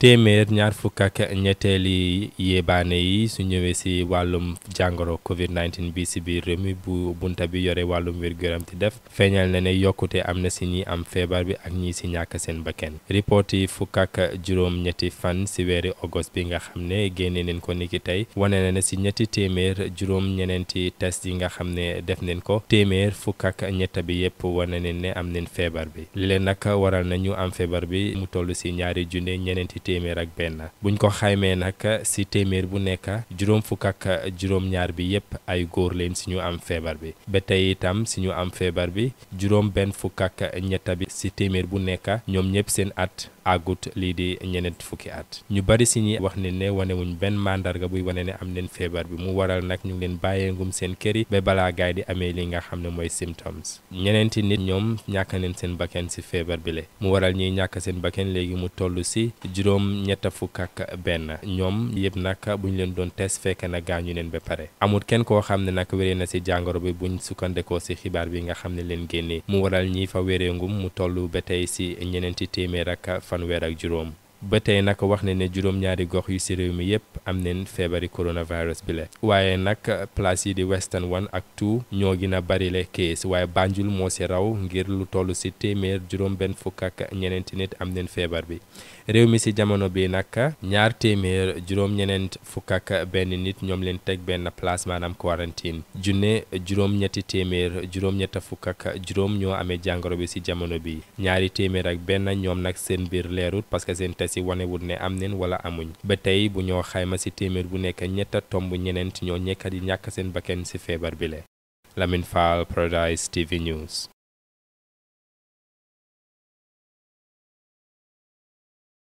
téeméer ñaar fukk ak ñetteeli yéebaane yi su ñëwee si wàllum jàngoro Covid 19 bi si biir réew mi bu bunta bi yore wàllum wér-gu-yaram di def feeñal na ne yokkute am na si ni am feebar bi ak ñi si ñàkk seen bakkan report yi fukk ak juróom-ñetti fan si weeri ogos bi nga xam ne génne neen ko niki tey wane na ne si ñetti téeméer juróom-ñeneenti test yi nga xam ne def neen ko téeméer fukk ak ñett bi yëpp wane neen ne am nen feebar bi leen nag waral na ñu am feebar téeméer ak benn buñ ko xaymee nag si téeméer bu nekk juróom fukk ak juróom-ñaar bi yépp ay góor leen si ñu am feebar bi ba tey itam si ñu am feebar bi juróom benn fukk ak ñetta bi si téeméer bu nekk ñoom ñëpp seen at agut lii di ñeneent fukki at ñu bari si ñi wax ne ne wanewuñ benn mandarga buy wane ne am neen feebar bi mu waral nag ñu ngi leen bàyyee ngum seen kër yi ba balaa gaay di amee li nga xam ne mooy symptômes ñeneenti nit ñoom ñàkk neen seen bakken si feebar bi le mu waral ñiy ñàkk seen bakken léegi mu toll si juróom ñetta fukk ak benn ñoom yëpp nag bu ñu leen doon tes fekk na gaañu neen ba pare amul kenn koo xam ne nag wéree na si jàngoro bi buñ sukkandekoo si xibaar bi nga xam ne leen génnee mu waral ñi fa wéree ngum mu toll ba tey si ñeneenti téeméer ak fanweer ak juróom ba tey nag wax ne ne juróom-ñaari gox yu si réew mi yëpp am neen feebari coronavirus bi la waaye nag place yi di Western One ak Two ñoo gën a bari le kees waaye Banjul moo si raw ngir lu toll si téeméer juróom-benn fukk ak ñeneenti nit am leen feebar bi réew mi si jamono bi nag ñaar téeméer juróom-ñeneent fukk ak benn nit ñoom leen teg benn place maanaam quarantine junne juróom téeméer juróom fukk ak ñoo amee jàngoro bi si jamono bi ñaari téeméer ak benn ñoom nag seen biir leerut parce que seen si wanewut ne am neen wala amuñ ba tey bu ñoo xayma si téeméer bu nekk ñetta tomb ñeneent ñoo ñekkat yi ñàkk seen bakken si feebar bile Lamine Fall Paradise TV News